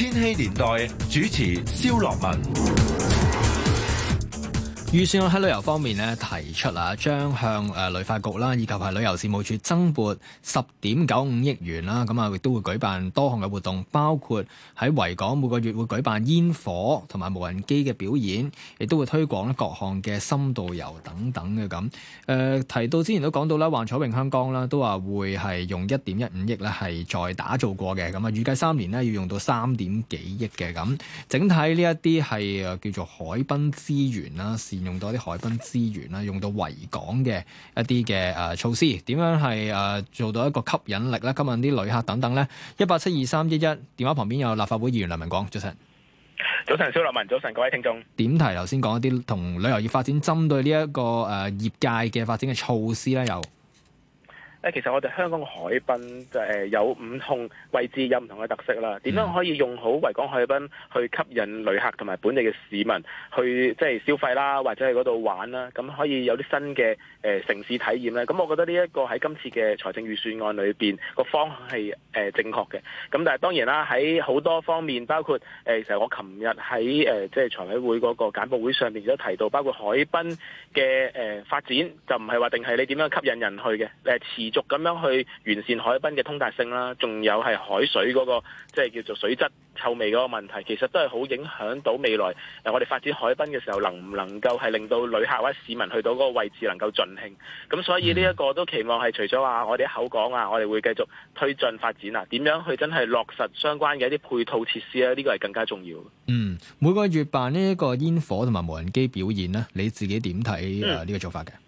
千禧年代主持蕭樂文。預算喺旅遊方面咧提出啦，將向誒旅發局啦以及係旅遊事務處增撥十點九五億元啦，咁啊亦都會舉辦多項嘅活動，包括喺維港每個月會舉辦煙火同埋無人機嘅表演，亦都會推廣各項嘅深度遊等等嘅咁。誒、呃、提到之前都講到啦，幻彩詠香江啦都話會係用一點一五億咧係再打造過嘅，咁啊預計三年咧要用到三點幾億嘅咁。整體呢一啲係誒叫做海濱資源啦，用到啲海濱資源啦，用到維港嘅一啲嘅誒措施，點樣係誒、呃、做到一個吸引力咧？吸引啲旅客等等咧。一八七二三一一，電話旁邊有立法會議員梁文廣，早晨。早晨，小梁文，早晨，各位聽眾。點睇？頭先講一啲同旅遊業發展針對呢、這、一個誒、呃、業界嘅發展嘅措施咧？有。誒，其實我哋香港的海濱有唔同位置，有唔同嘅特色啦。點樣可以用好維港海濱去吸引旅客同埋本地嘅市民去即係消費啦，或者喺嗰度玩啦，咁可以有啲新嘅城市體驗咧。咁我覺得呢一個喺今次嘅財政預算案裏面個方向係正確嘅。咁但係當然啦，喺好多方面，包括其實我琴日喺即係財委會嗰個簡報會上面亦都提到，包括海濱嘅誒發展就唔係話定係你點樣吸引人去嘅，繼續咁樣去完善海濱嘅通達性啦，仲有係海水嗰個即係叫做水質臭味嗰個問題，其實都係好影響到未來誒，我哋發展海濱嘅時候，能唔能夠係令到旅客或者市民去到嗰個位置能夠盡興？咁所以呢一個都期望係除咗話我哋口講啊，我哋會繼續推進發展啊，點樣去真係落實相關嘅一啲配套設施咧？呢個係更加重要。嗯，每個月辦呢一個煙火同埋無人機表演呢，你自己點睇呢個做法嘅？嗯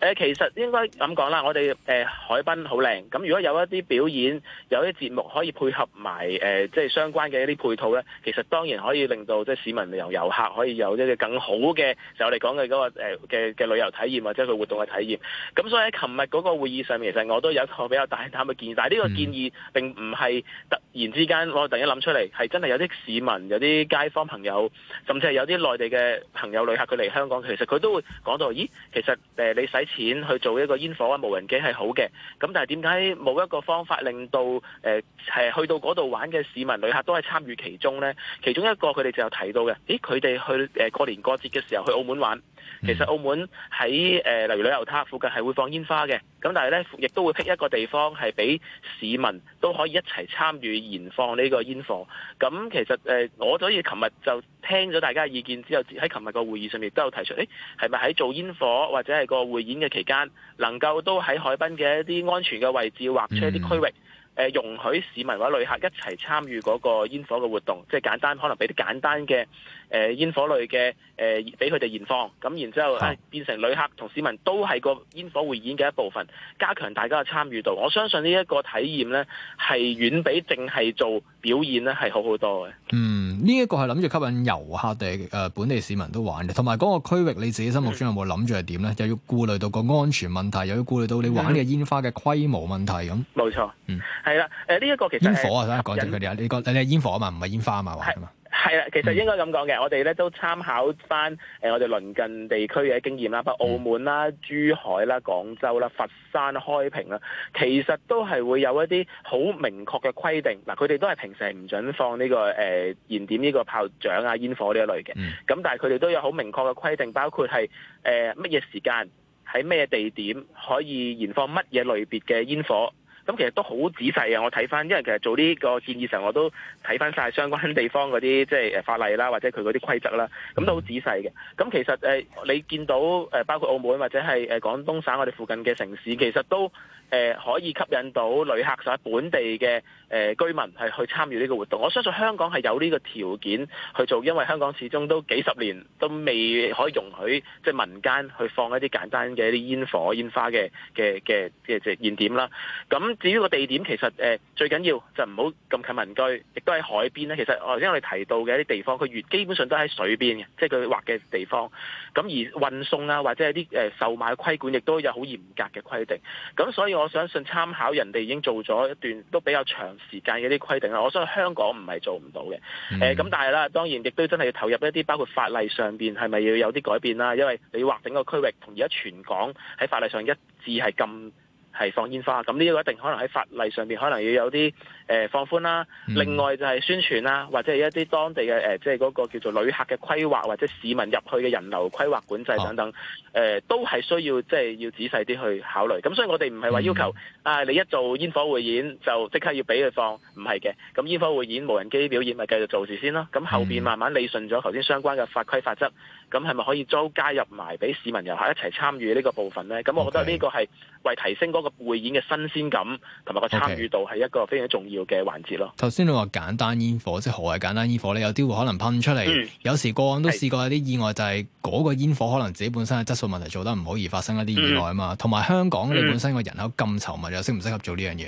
呃、其實應該咁講啦，我哋誒、呃、海濱好靚，咁如果有一啲表演、有一啲節目可以配合埋誒、呃，即係相關嘅一啲配套咧，其實當然可以令到即係市民、遊遊客可以有一個更好嘅就我哋講嘅嗰個、呃、嘅嘅旅遊體驗或者佢活動嘅體驗。咁所以喺琴日嗰個會議上面，其實我都有一個比較大膽嘅建議，但係呢個建議並唔係突然之間我突然間諗出嚟，係真係有啲市民、有啲街坊朋友，甚至係有啲內地嘅朋友旅客佢嚟香港，其實佢都會講到，咦，其實、呃、你使錢去做一個煙火啊、無人機係好嘅，咁但係點解冇一個方法令到誒？係、呃、去到嗰度玩嘅市民旅客都係參與其中咧？其中一個佢哋就提到嘅，咦佢哋去誒過年過節嘅時候去澳門玩。嗯、其實澳門喺誒、呃，例如旅遊塔附近係會放煙花嘅，咁但係咧亦都會闢一個地方係俾市民都可以一齊參與燃放呢個煙火、嗯。咁其實誒、呃，我所以琴日就聽咗大家意見之後，喺琴日個會議上面都有提出，誒、欸，係咪喺做煙火或者係個匯演嘅期間，能夠都喺海濱嘅一啲安全嘅位置劃出一啲區域？嗯誒容許市民或者旅客一齊參與嗰個煙火嘅活動，即係簡單，可能俾啲簡單嘅誒煙火類嘅誒，俾佢哋燃放，咁然之後誒變成旅客同市民都係個煙火匯演嘅一部分，加強大家嘅參與度。我相信呢一個體驗呢，係遠比淨係做表演呢係好好多嘅。嗯，呢、這、一個係諗住吸引遊客定誒本地市民都玩嘅，同埋嗰個區域你自己心目中有冇諗住係點呢、嗯？又要顧慮到個安全問題，又要顧慮到你玩嘅煙花嘅規模問題咁。冇錯，嗯。嗯。係啦，誒呢一個其實煙火啊，等下講緊佢哋啊，你講你係煙火啊嘛，唔係煙花啊嘛，係嘛？係啦，其實應該咁講嘅，我哋咧都參考翻誒我哋鄰近地區嘅經驗啦，包括澳門啦、嗯、珠海啦、廣州啦、佛山、開平啦，其實都係會有一啲好明確嘅規定。嗱，佢哋都係平時唔准放呢、這個誒、呃、燃點呢個炮仗啊、煙火呢一類嘅。咁、嗯、但係佢哋都有好明確嘅規定，包括係誒乜嘢時間喺咩地點可以燃放乜嘢類別嘅煙火。咁其實都好仔細嘅。我睇翻，因為其實做呢個建議時候，我都睇翻晒相關地方嗰啲即係法例啦，或者佢嗰啲規則啦，咁都好仔細嘅。咁其實誒、呃，你見到誒，包括澳門或者係誒廣東省我哋附近嘅城市，其實都誒、呃、可以吸引到旅客同埋本地嘅誒、呃、居民去參與呢個活動。我相信香港係有呢個條件去做，因為香港始終都幾十年都未可以容許即係、就是、民間去放一啲簡單嘅一啲煙火、煙花嘅嘅嘅嘅即係燃點啦。咁至於個地點，其實誒、呃、最緊要就唔好咁近民居，亦都喺海邊咧。其實我頭先我哋提到嘅一啲地方，佢越基本上都喺水邊嘅，即係佢劃嘅地方。咁而運送啊，或者係啲、呃、售賣規管，亦都有好嚴格嘅規定。咁所以我相信參考人哋已經做咗一段都比較長時間嘅啲規定啦。我相信香港唔係做唔到嘅。咁、嗯呃，但係啦，當然亦都真係要投入一啲包括法例上面，係咪要有啲改變啦。因為你劃整個區域，同而家全港喺法例上一致係咁。係放煙花咁，呢個個一定可能喺法例上面可能要有啲誒、呃、放寬啦，嗯、另外就係宣傳啦，或者一啲當地嘅即係嗰個叫做旅客嘅規劃，或者市民入去嘅人流規劃管制等等，誒、啊呃、都係需要即係、就是、要仔細啲去考慮。咁所以我哋唔係話要求、嗯、啊，你一做煙火匯演就即刻要俾佢放，唔係嘅。咁煙火匯演、無人機表演咪繼續做住先咯。咁後面慢慢理順咗頭先相關嘅法規法則，咁係咪可以再加入埋俾市民遊客一齊參與呢個部分呢？咁我覺得呢個係為提升嗰個匯演嘅新鮮感同埋個參與度係一個非常重要嘅環節咯。頭、okay. 先你話簡單煙火，即係何謂簡單煙火咧？有啲會可能噴出嚟、嗯，有時過往都試過有啲意外，就係、是、嗰個煙火可能自己本身嘅質素問題做得唔好，而發生一啲意外啊嘛。同、嗯、埋香港你本身個人口咁稠密，又適唔適合做呢樣嘢？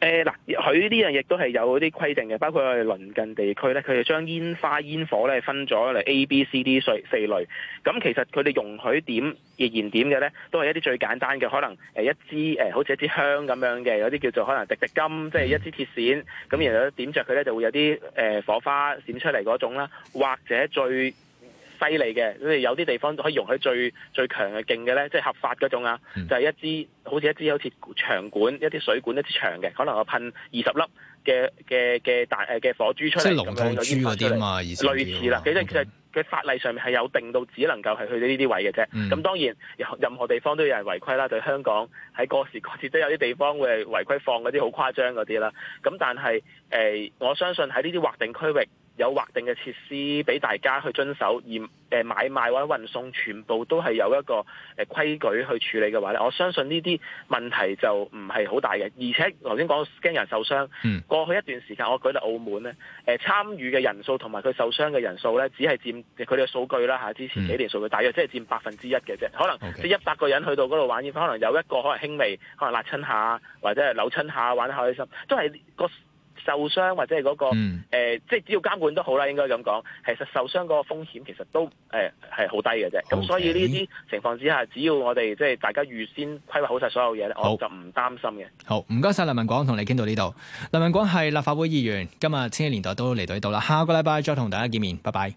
誒、呃、嗱，佢呢樣亦都係有啲規定嘅，包括我哋鄰近地區咧，佢哋將煙花煙火咧分咗嚟 A、B、C、D 四四類。咁其實佢哋容許點易燃點嘅咧，都係一啲最簡單嘅，可能一支、呃、好似一支香咁樣嘅，有啲叫做可能滴滴金，即、就、係、是、一支鐵線咁，然後點着佢咧就會有啲、呃、火花閃出嚟嗰種啦，或者最犀利嘅，即係有啲地方可以容許最最強嘅勁嘅咧，即係合法嗰種啊，嗯、就係一支好似一支好似長管、一啲水管一支長嘅，可能我噴二十粒嘅嘅嘅大誒嘅火珠出嚟咁樣，有煙花出嚟類似啦。其實其實佢法例上面係有定到只能夠係去到呢啲位嘅啫。咁、嗯、當然，任何地方都有人違規啦。對、就是、香港喺過時過節都有啲地方會違規放嗰啲好誇張嗰啲啦。咁但係誒、呃，我相信喺呢啲劃定區域。有劃定嘅設施俾大家去遵守，而誒買賣或者運送全部都係有一個誒規矩去處理嘅話咧，我相信呢啲問題就唔係好大嘅。而且頭先講驚人受傷，過去一段時間，我舉例澳門咧，誒參與嘅人數同埋佢受傷嘅人數咧，只係佔佢哋嘅數據啦嚇。之前幾年數據，大約即係佔百分之一嘅啫。可能即係一百個人去到嗰度玩，可能有一個可能輕微，可能辣親下或者係扭親下，玩得開心，都係個受傷或者係、那、嗰個誒，即係只要監管都好啦，應該咁講。其實受傷嗰個風險其實都誒係好低嘅啫。咁、okay。所以呢啲情況之下，只要我哋即係大家預先規劃好晒所有嘢咧，我就唔擔心嘅。好，唔該晒梁文廣，同你傾到呢度。梁文廣係立法會議員，今日千禧年代都嚟到呢度啦。下個禮拜再同大家見面，拜拜。